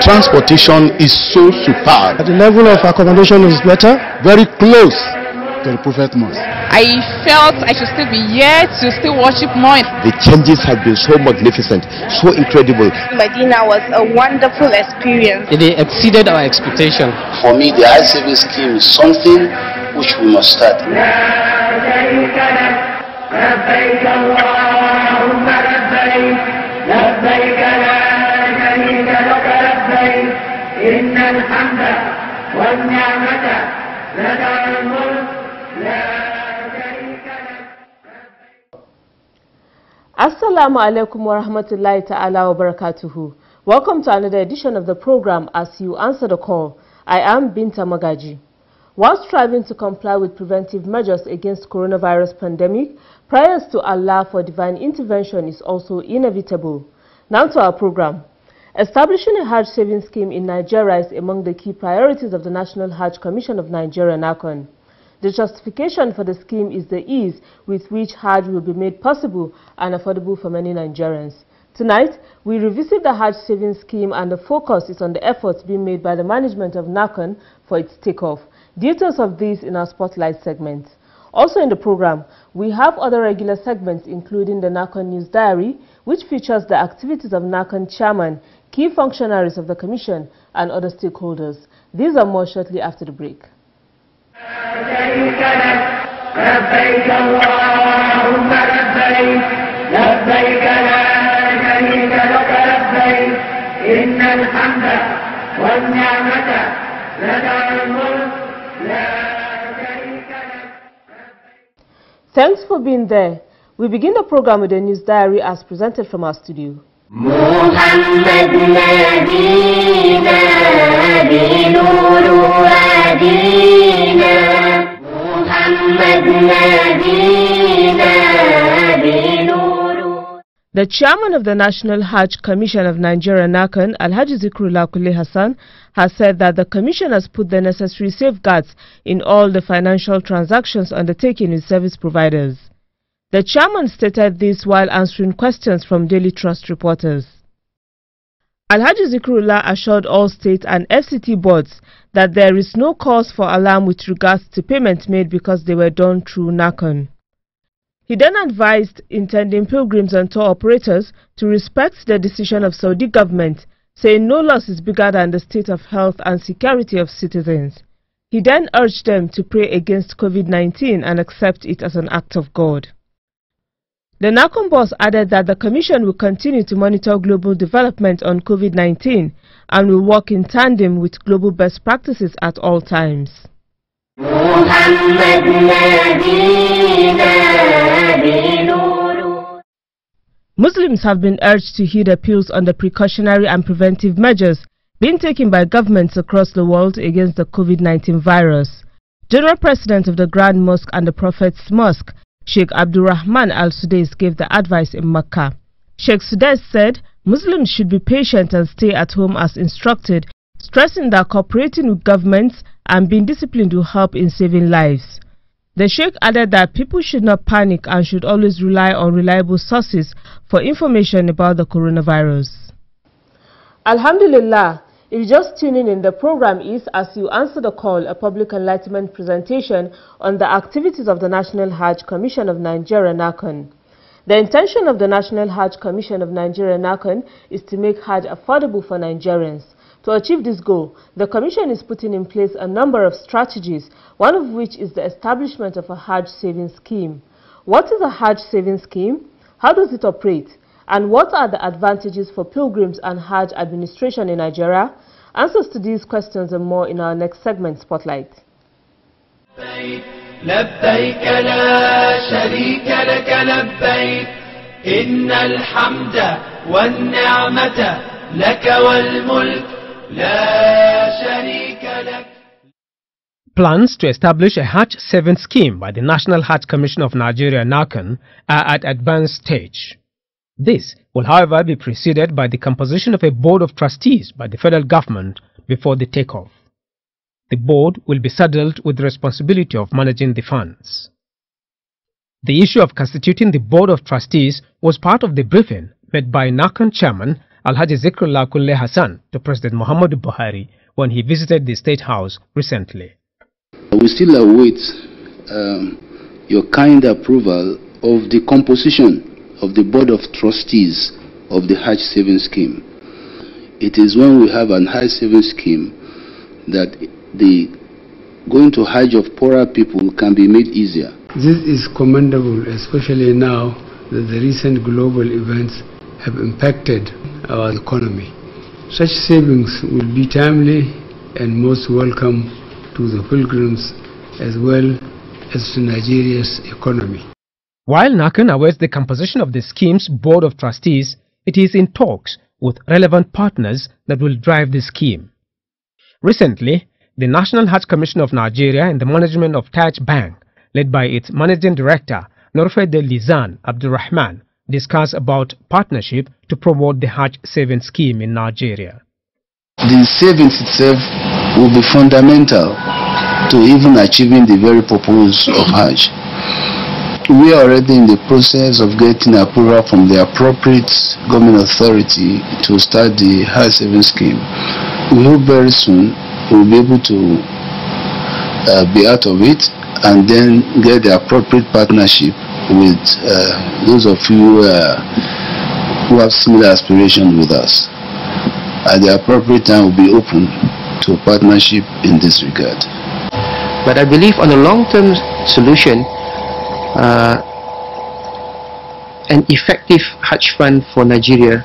Transportation is so superb. The level of accommodation is better, very close to the Prophet Mosque. I felt I should still be here to still worship more. The changes have been so magnificent, so incredible. Medina was a wonderful experience. They exceeded our expectation. For me, the eye-saving scheme is something which we must start. لبيك اللهم لبيك لبيك لا شريك لك لبيك إن الحمد والنعمة لك الملك لا Assalamu alaikum wa rahmatullahi ta'ala wa barakatuhu. Welcome to another edition of the program as you answer the call. I am Binta Magaji. While striving to comply with preventive measures against coronavirus pandemic, prayers to Allah for divine intervention is also inevitable. Now to our program. Establishing a Hajj saving scheme in Nigeria is among the key priorities of the National Hajj Commission of Nigeria, NACON. The justification for the scheme is the ease with which Hajj will be made possible and affordable for many Nigerians. Tonight, we revisit the Hajj saving scheme and the focus is on the efforts being made by the management of NACON for its takeoff. Details of these in our Spotlight segment. Also in the program, we have other regular segments including the NACON News Diary, which features the activities of NACON chairman, key functionaries of the Commission, and other stakeholders. These are more shortly after the break. الملك Thanks for being there. We begin the program with a news diary as presented from our studio. The chairman of the National Hajj Commission of Nigeria, Nakan, Alhaji Zikrullah Hassan, has said that the commission has put the necessary safeguards in all the financial transactions undertaken with service providers. The chairman stated this while answering questions from Daily Trust reporters. Alhaji Zikrullah assured all state and FCT boards that there is no cause for alarm with regards to payments made because they were done through Nakan. He then advised intending pilgrims and tour operators to respect the decision of Saudi government, saying no loss is bigger than the state of health and security of citizens. He then urged them to pray against COVID-19 and accept it as an act of God. The NACOM boss added that the Commission will continue to monitor global development on COVID-19 and will work in tandem with global best practices at all times. Muslims have been urged to heed appeals on the precautionary and preventive measures being taken by governments across the world against the COVID-19 virus. General President of the Grand Mosque and the Prophet's Mosque, Sheikh Abdurrahman Al-Sudais gave the advice in Mecca. Sheikh Sudais said Muslims should be patient and stay at home as instructed, stressing that cooperating with governments and being disciplined will help in saving lives. The Sheikh added that people should not panic and should always rely on reliable sources for information about the coronavirus. Alhamdulillah, if you're just tuning in, the program is As You Answer the Call, a public enlightenment presentation on the activities of the National Hajj Commission of Nigeria, NACON. The intention of the National Hajj Commission of Nigeria, NACON, is to make Hajj affordable for Nigerians. To achieve this goal, the Commission is putting in place a number of strategies, one of which is the establishment of a Hajj savings scheme. What is a Hajj savings scheme? How does it operate? And what are the advantages for pilgrims and Hajj administration in Nigeria? Answers to these questions and more in our next segment, Spotlight. إن الحمد والنعمة لك والملك Plans to establish a Hatch 7 scheme by the National Hatch Commission of Nigeria NACAN are at advanced stage. This will however be preceded by the composition of a board of trustees by the federal government before the takeoff. The board will be saddled with the responsibility of managing the funds. The issue of constituting the board of trustees was part of the briefing made by NACAN chairman Alhaji Zikrullah Kulle Hassan to President Muhammadu Buhari when he visited the State House recently. We still await um, your kind approval of the composition of the Board of Trustees of the Hajj saving Scheme. It is when we have an Hajj saving Scheme that the going to Hajj of poorer people can be made easier. This is commendable, especially now that the recent global events have impacted our economy. Such savings will be timely and most welcome to the pilgrims as well as to Nigeria's economy. While Nakan awaits the composition of the scheme's Board of Trustees, it is in talks with relevant partners that will drive the scheme. Recently, the National Hajj Commission of Nigeria and the management of Taj Bank, led by its managing director, Norfede Lizan Abdurrahman, discuss about partnership to promote the Hajj saving scheme in Nigeria. The savings itself will be fundamental to even achieving the very purpose of Hajj. We are already in the process of getting approval from the appropriate government authority to start the Hajj saving scheme. We hope very soon we'll be able to uh, be out of it and then get the appropriate partnership with uh, those of you uh, who have similar aspirations with us. At the appropriate time, we'll be open to a partnership in this regard. But I believe on a long-term solution, uh, an effective hedge fund for Nigeria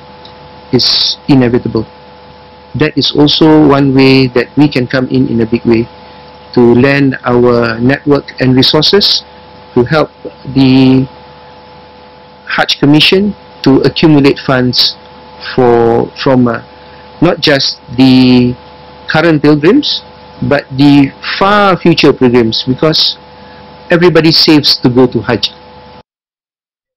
is inevitable. That is also one way that we can come in in a big way to lend our network and resources to help the Hajj Commission to accumulate funds for from uh, not just the current pilgrims but the far future pilgrims because everybody saves to go to Hajj.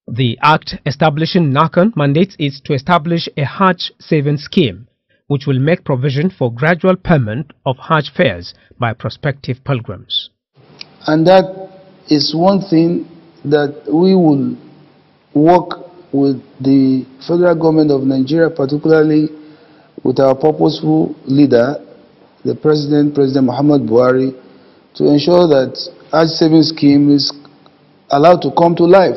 The act establishing Nakan mandates is to establish a Hajj savings scheme which will make provision for gradual payment of Hajj fares by prospective pilgrims. And that is one thing that we will work with the federal government of Nigeria, particularly with our purposeful leader, the President, President Muhammad Buhari, to ensure that our saving scheme is allowed to come to life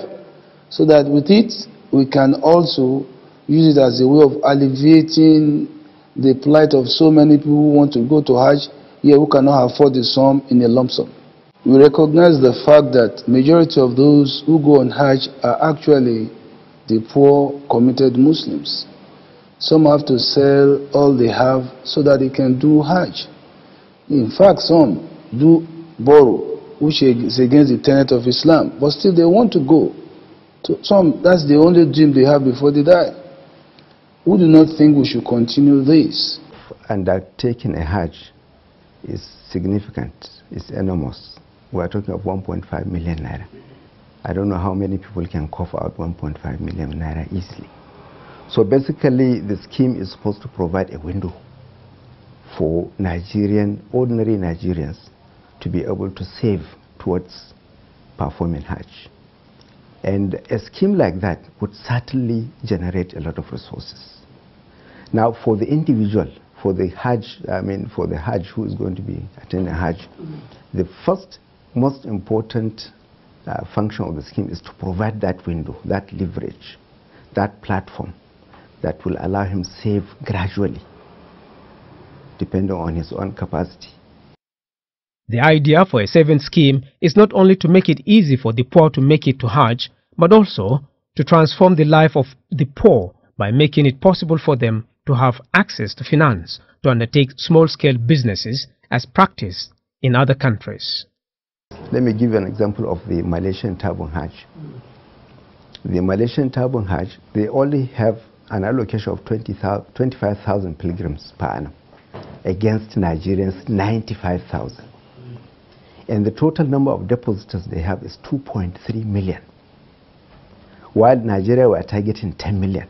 so that with it we can also use it as a way of alleviating the plight of so many people who want to go to Hajj, yet who cannot afford the sum in a lump sum we recognize the fact that majority of those who go on Hajj are actually the poor committed Muslims. Some have to sell all they have so that they can do Hajj. In fact, some do borrow, which is against the tenet of Islam, but still they want to go. some, that's the only dream they have before they die. We do not think we should continue this. Undertaking a Hajj is significant, it's enormous we are talking of 1.5 million naira. I don't know how many people can cough out 1.5 million naira easily. So basically, the scheme is supposed to provide a window for Nigerian, ordinary Nigerians to be able to save towards performing Hajj. And a scheme like that would certainly generate a lot of resources. Now, for the individual, for the Hajj, I mean, for the Hajj who is going to be attending Hajj, the first most important uh, function of the scheme is to provide that window, that leverage, that platform that will allow him save gradually, depending on his own capacity. The idea for a savings scheme is not only to make it easy for the poor to make it to Hajj, but also to transform the life of the poor by making it possible for them to have access to finance to undertake small-scale businesses as practiced in other countries. Let me give you an example of the Malaysian Tabung Haji. The Malaysian Tabung Haji, they only have an allocation of 25,000 pilgrims per annum against Nigerians 95,000. And the total number of depositors they have is 2.3 million. While Nigeria were targeting 10 million.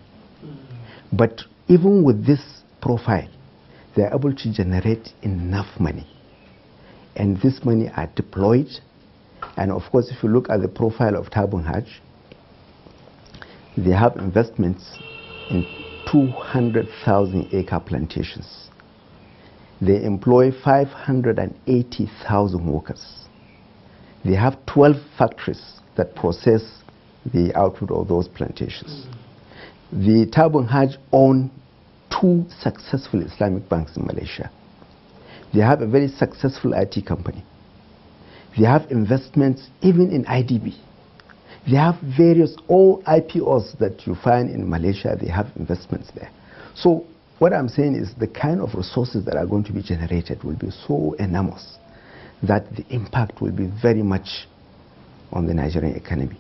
But even with this profile, they are able to generate enough money and this money are deployed. And of course, if you look at the profile of Tabun Hajj, they have investments in 200,000 acre plantations. They employ 580,000 workers. They have 12 factories that process the output of those plantations. The Tabun Hajj own two successful Islamic banks in Malaysia. They have a very successful IT company. They have investments even in IDB. They have various all IPOs that you find in Malaysia, they have investments there. So what I'm saying is the kind of resources that are going to be generated will be so enormous that the impact will be very much on the Nigerian economy.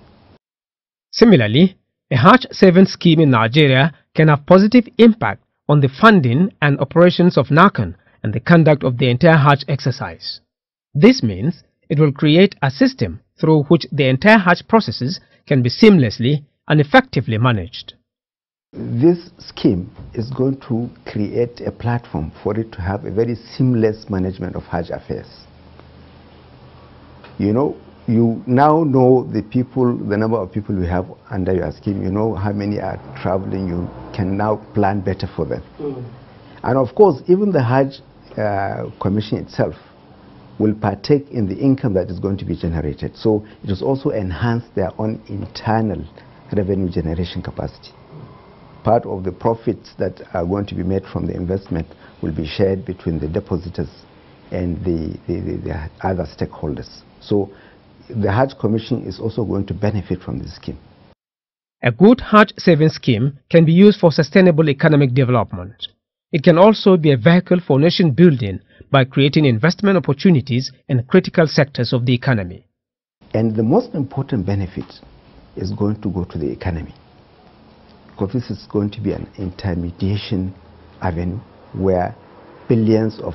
Similarly, a harsh saving scheme in Nigeria can have positive impact on the funding and operations of Nakan and the conduct of the entire Hajj exercise. This means it will create a system through which the entire Hajj processes can be seamlessly and effectively managed. This scheme is going to create a platform for it to have a very seamless management of Hajj affairs. You know, you now know the people, the number of people you have under your scheme. You know how many are traveling. You can now plan better for them. Mm. And of course, even the Hajj uh, commission itself will partake in the income that is going to be generated. So it will also enhance their own internal revenue generation capacity. Part of the profits that are going to be made from the investment will be shared between the depositors and the, the, the, the other stakeholders. So the Hajj Commission is also going to benefit from this scheme. A good Hajj saving scheme can be used for sustainable economic development. It can also be a vehicle for nation building by creating investment opportunities in critical sectors of the economy. And the most important benefit is going to go to the economy because this is going to be an intermediation avenue where billions of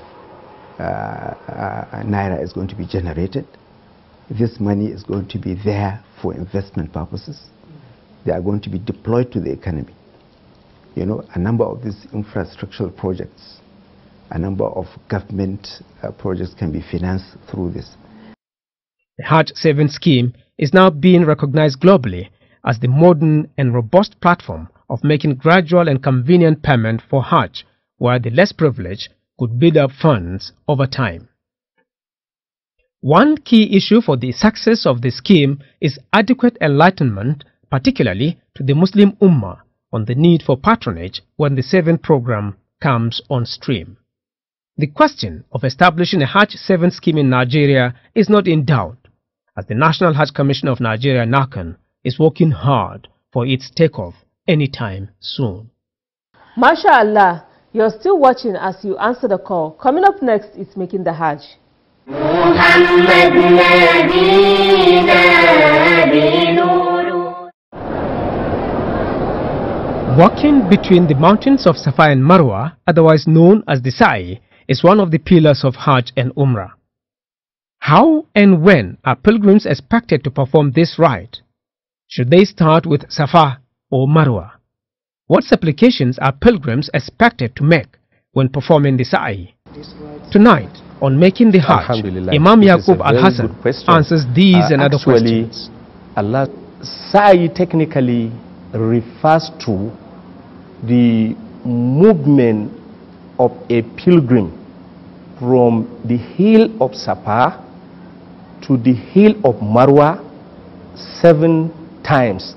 uh, uh, naira is going to be generated. This money is going to be there for investment purposes. They are going to be deployed to the economy you know, a number of these infrastructural projects, a number of government uh, projects can be financed through this. The Hajj Saving Scheme is now being recognized globally as the modern and robust platform of making gradual and convenient payment for Hajj, where the less privileged could build up funds over time. One key issue for the success of the scheme is adequate enlightenment, particularly to the Muslim Ummah, on the need for patronage when the saving program comes on stream. The question of establishing a Hajj 7 scheme in Nigeria is not in doubt, as the National Hajj Commission of Nigeria, NACAN, is working hard for its takeoff anytime soon. MashaAllah, you're still watching as you answer the call. Coming up next is Making the Hajj. Muhammad Walking between the mountains of Safa and Marwa, otherwise known as the Sa'i, is one of the pillars of Hajj and Umrah. How and when are pilgrims expected to perform this rite? Should they start with Safa or Marwa? What supplications are pilgrims expected to make when performing the Sa'i? Tonight, on Making the Hajj, Imam Yaqub Al-Hassan answers these uh, and other questions. Allah, Sa'i technically refers to the movement of a pilgrim from the hill of Sapa to the hill of Marwa seven times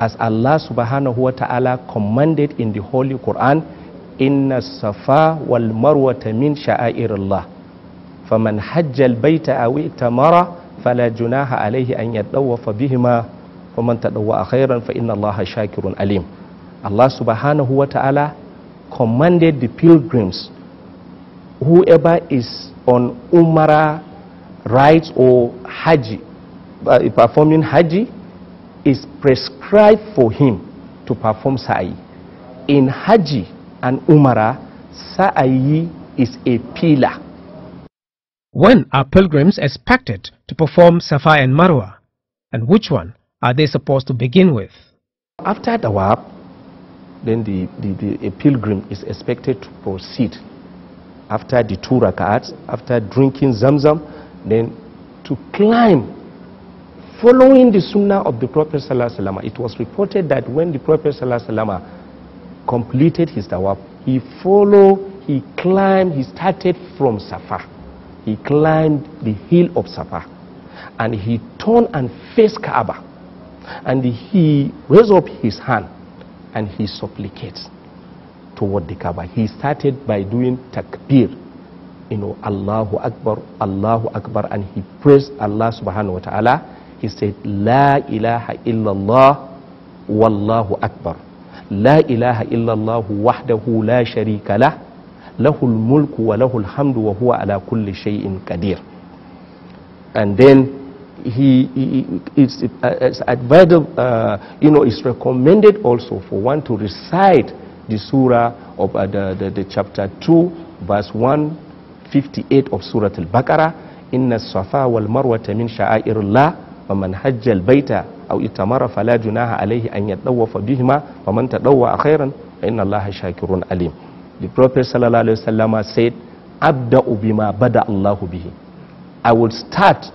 as Allah subhanahu wa ta'ala commanded in the Holy Quran inna safa wal marwata min Allah. faman hajjal al baita aw itamara fala junaha alayhi an yatawafa bihima faman tadawwa khairan fa inna Allah shakirun alim Allah subhanahu wa ta'ala commanded the pilgrims, whoever is on Umrah rites or Hajj, uh, performing Hajj, is prescribed for him to perform Sa'i. In Hajj and Umrah, Sa'i is a pillar. When are pilgrims expected to perform Safa and Marwa? And which one are they supposed to begin with? After wāb then the, the, the, a pilgrim is expected to proceed after the two rak'ats, after drinking zamzam, then to climb following the sunnah of the Prophet sallallahu It was reported that when the Prophet sallallahu completed his tawaf, he followed, he climbed, he started from Safa. He climbed the hill of Safa and he turned and faced Kaaba and he raised up his hand and he supplicates toward the Kaaba. He started by doing takbir, you know, Allahu Akbar, Allahu Akbar, and he praised Allah subhanahu wa ta'ala. He said, La ilaha illallah, wallahu akbar. لا إله إلا الله وحده لا شريك له له الملك وله الحمد وهو على كل شيء قدير and then he, he is uh, as uh, you know, it's recommended also for one to recite the surah of uh, the, chapter 2, verse 158 of Surah Al Baqarah. Inna safa wal marwata min sha'airullah wa man hajjal baita aw itamara fala junaha alayhi an yatawafa bihima wa man tadawwa akhiran inna allaha shakirun alim the prophet sallallahu alaihi wasallam said abda'u bima bada allah bihi i will start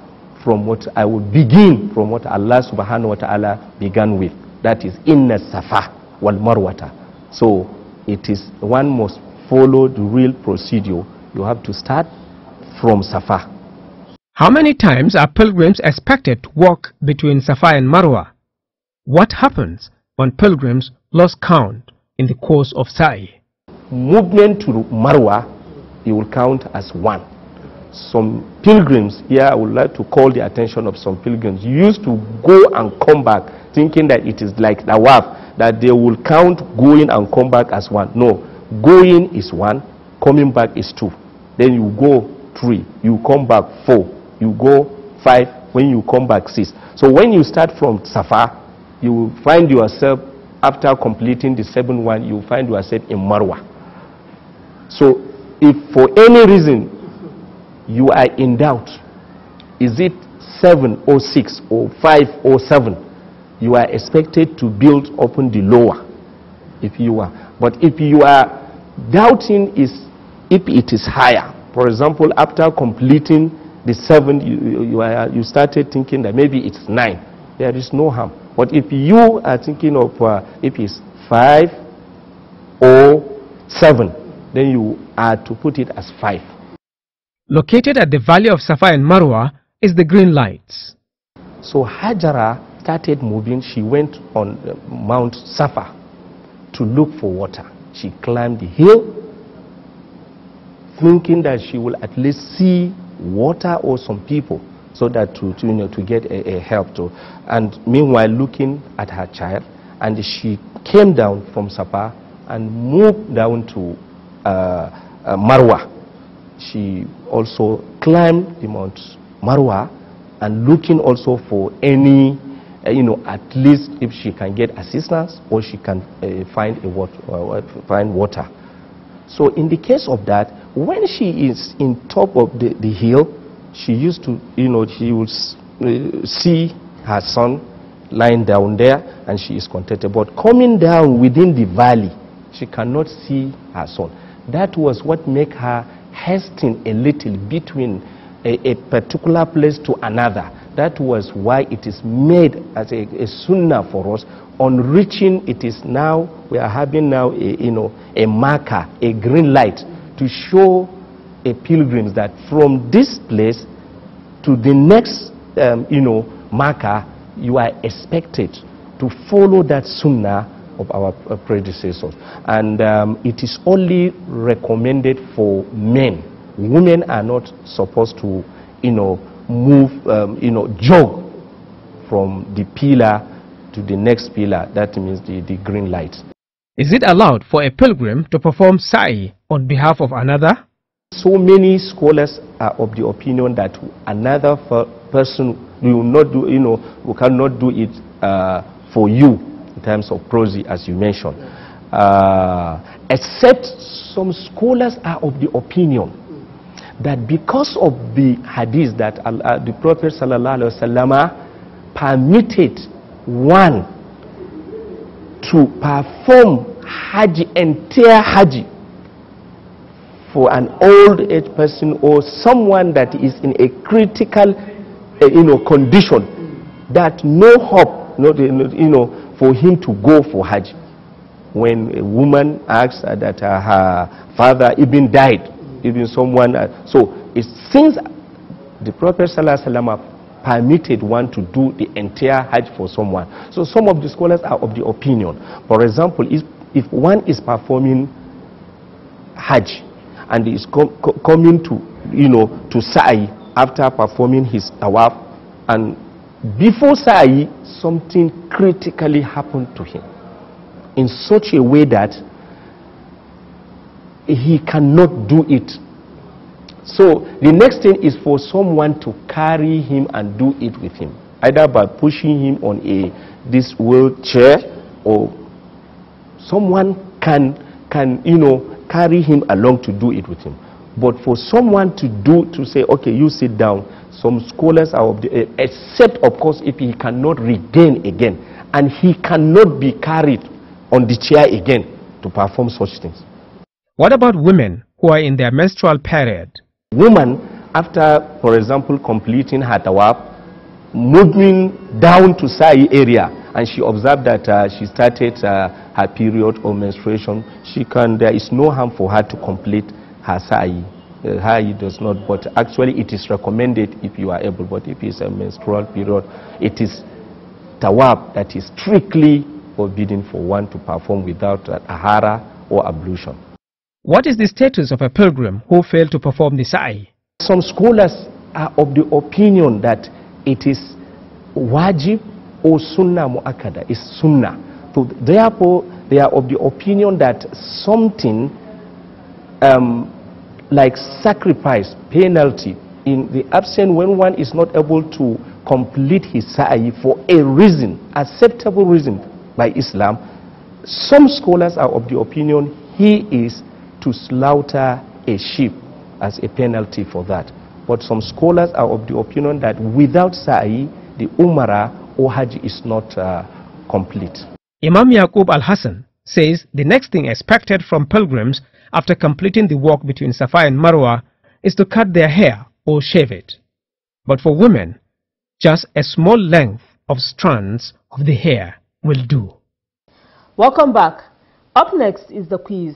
from what I will begin from what Allah subhanahu wa ta'ala began with. That is inna safa wal marwata. So it is one must follow the real procedure. You have to start from safa. How many times are pilgrims expected to walk between Safa and Marwa? What happens when pilgrims lose count in the course of Sa'i? Movement to Marwa, you will count as one some pilgrims here I would like to call the attention of some pilgrims used to go and come back thinking that it is like the waf that they will count going and come back as one no going is one coming back is two then you go three you come back four you go five when you come back six so when you start from safa you will find yourself after completing the seven one you find yourself in marwa so if for any reason you are in doubt. Is it seven or six or five or seven? You are expected to build upon the lower if you are. But if you are doubting is if it is higher. For example, after completing the seven, you, you, are, you started thinking that maybe it's nine. There is no harm. But if you are thinking of uh, if it's five or seven, then you are to put it as five. Located at the valley of Safa and Marwa is the Green Lights. So Hajara started moving. She went on uh, Mount Safa to look for water. She climbed the hill thinking that she will at least see water or some people so that to, to you know, to get a, a help to. And meanwhile, looking at her child, and she came down from Safa and moved down to uh, uh, Marwa. She also climb the Mount Marwa and looking also for any, uh, you know, at least if she can get assistance or she can uh, find, a uh, uh, find water. So in the case of that, when she is in top of the, the hill, she used to, you know, she would uh, see her son lying down there and she is contented. But coming down within the valley, she cannot see her son. That was what make her hasten a little between a, a particular place to another. That was why it is made as a, a sunnah for us. On reaching, it is now, we are having now, a, you know, a marker, a green light to show a pilgrims that from this place to the next, um, you know, marker, you are expected to follow that sunnah of our predecessors. And um, it is only recommended for men. Women are not supposed to, you know, move, um, you know, jog from the pillar to the next pillar. That means the, the green light. Is it allowed for a pilgrim to perform sa'i on behalf of another? So many scholars are of the opinion that another person will not do, you know, cannot do it uh, for you in terms of prosy, as you mentioned. Uh, except some scholars are of the opinion that because of the hadith that uh, the Prophet ﷺ permitted one to perform Hajj, entire Hajj, for an old age person or someone that is in a critical uh, you know, condition that no hope, not, you know, for him to go for Hajj. When a woman asks that uh, her father even died, even someone, uh, so it since the Prophet ﷺ permitted one to do the entire Hajj for someone. So some of the scholars are of the opinion. For example, if, one is performing Hajj and is coming to, you know, to Sa'i after performing his tawaf and before Sai, something critically happened to him in such a way that he cannot do it. So the next thing is for someone to carry him and do it with him, either by pushing him on a this wheelchair or someone can can you know carry him along to do it with him. But for someone to do, to say, okay, you sit down, some scholars are, of the, eh, except of course if he cannot regain again, and he cannot be carried on the chair again to perform such things. What about women who are in their menstrual period? Women, after, for example, completing her tawaf, moving down to Sai area, and she observed that uh, she started uh, her period of menstruation, she can, there is no harm for her to complete her sa'i. Uh, high does not, but actually it is recommended if you are able, but if it's a menstrual period, it is tawab that is strictly forbidden for one to perform without ahara or ablution. What is the status of a pilgrim who failed to perform the sa'i? Some scholars are of the opinion that it is wajib or sunnah mu'akkada, is sunnah. So therefore, they are of the opinion that something um, like sacrifice, penalty, in the absence when one is not able to complete his sa'i for a reason, acceptable reason by Islam, some scholars are of the opinion he is to slaughter a sheep as a penalty for that. But some scholars are of the opinion that without sa'i, the umrah or hajj is not uh, complete. Imam Yaqub al-Hassan says the next thing expected from pilgrims after completing the walk between Safa and Marwa is to cut their hair or shave it. But for women, just a small length of strands of the hair will do. Welcome back. Up next is the quiz.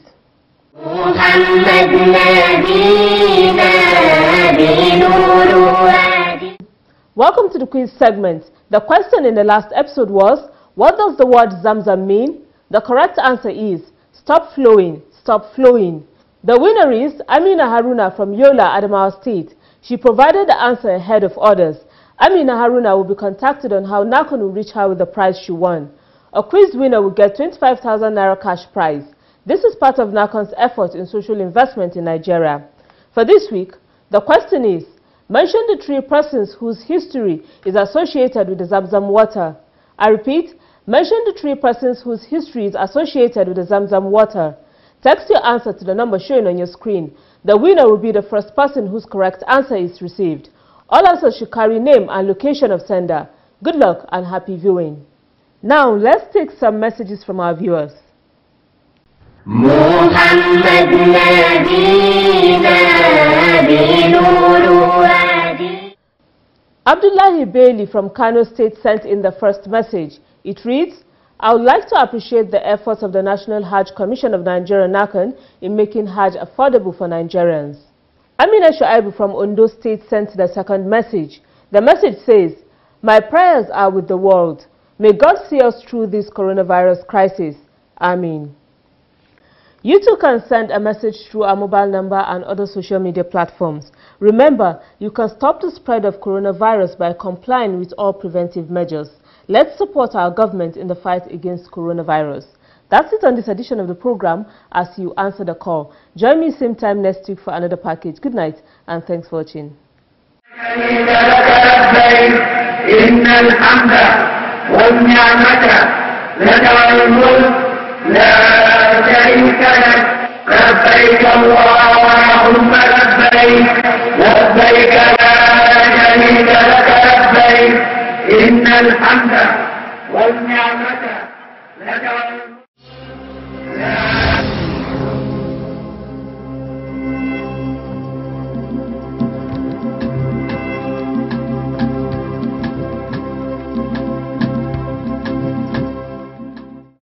Welcome to the quiz segment. The question in the last episode was, what does the word Zamzam mean? The correct answer is, stop flowing stop flowing. The winner is Amina Haruna from Yola, Adamawa State. She provided the answer ahead of others. Amina Haruna will be contacted on how Nakon will reach her with the prize she won. A quiz winner will get 25,000 Naira cash prize. This is part of Nakon's effort in social investment in Nigeria. For this week, the question is, mention the three persons whose history is associated with the Zamzam water. I repeat, mention the three persons whose history is associated with the Zamzam water. Text your answer to the number shown on your screen. The winner will be the first person whose correct answer is received. All answers should carry name and location of sender. Good luck and happy viewing. Now let's take some messages from our viewers. محمد نبينا Abdullahi Bailey from Kano State sent in the first message. It reads, I would like to appreciate the efforts of the National Hajj Commission of Nigeria Nakan in making Hajj affordable for Nigerians. Amina Shoaibu from Ondo State sent the second message. The message says, My prayers are with the world. May God see us through this coronavirus crisis. Amen. You too can send a message through our mobile number and other social media platforms. Remember, you can stop the spread of coronavirus by complying with all preventive measures. Let's support our government in the fight against coronavirus. That's it on this edition of the program as you answer the call. Join me same time next week for another package. Good night and thanks for watching. لبيك لبيك لبيك لا لك إن الحمد والنعمة